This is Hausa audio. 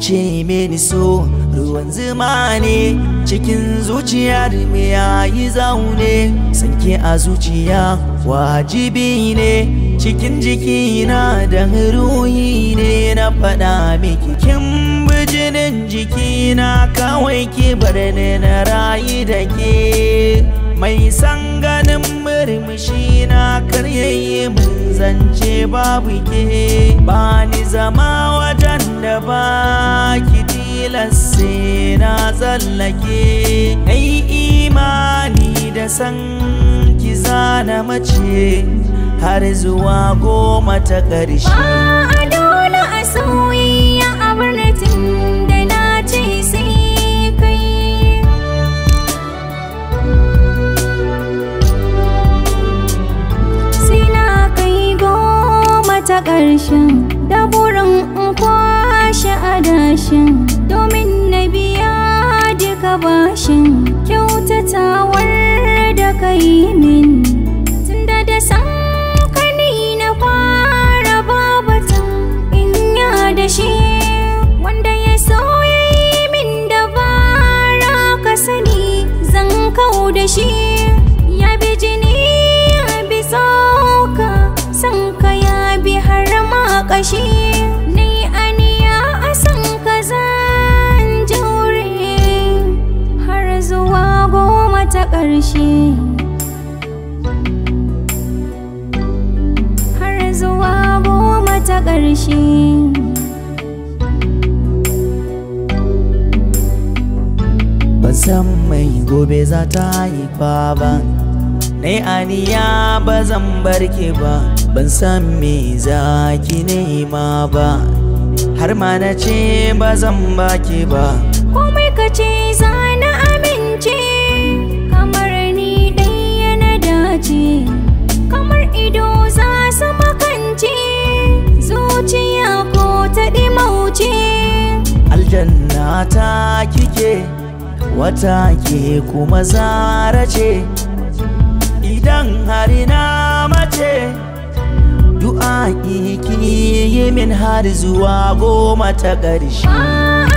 ce mini so ruwan zuma ne cikin zuciya da me yayi zaune sanke a zuciya wajibi ne cikin jikina da ruhi ne na faɗa miki kin bijinin jikina kawai ki bar ni na rayu da ke mai san ganin murmushi na kar mun zance babu ke ba ni hasse na tsallake na imani da san ki zana mace har zuwa goma ta ƙarshe a dole a soyayya a birnin da na ce sai kai sai na kai goma ta ƙarshen yi tunda da san kani na fara babatan in ya da shi wanda ya so ya yi min dabara ka sani zan kau da shi ya bi jini ya bi tsoka san ka ya bi har ma kashi ni aniya a zan jaure har zuwa goma ta ƙarshe ƙarshe ban san mai gobe za ta haifa ba nai aniya ba zan barke ba ban san me za ki nema ba har ma na ce ba zan baki ba komai ka ce za na amince jannata kike wata ke kuma zara ce idan hari na mace du'a ki yi min har zuwa goma ta ƙarshe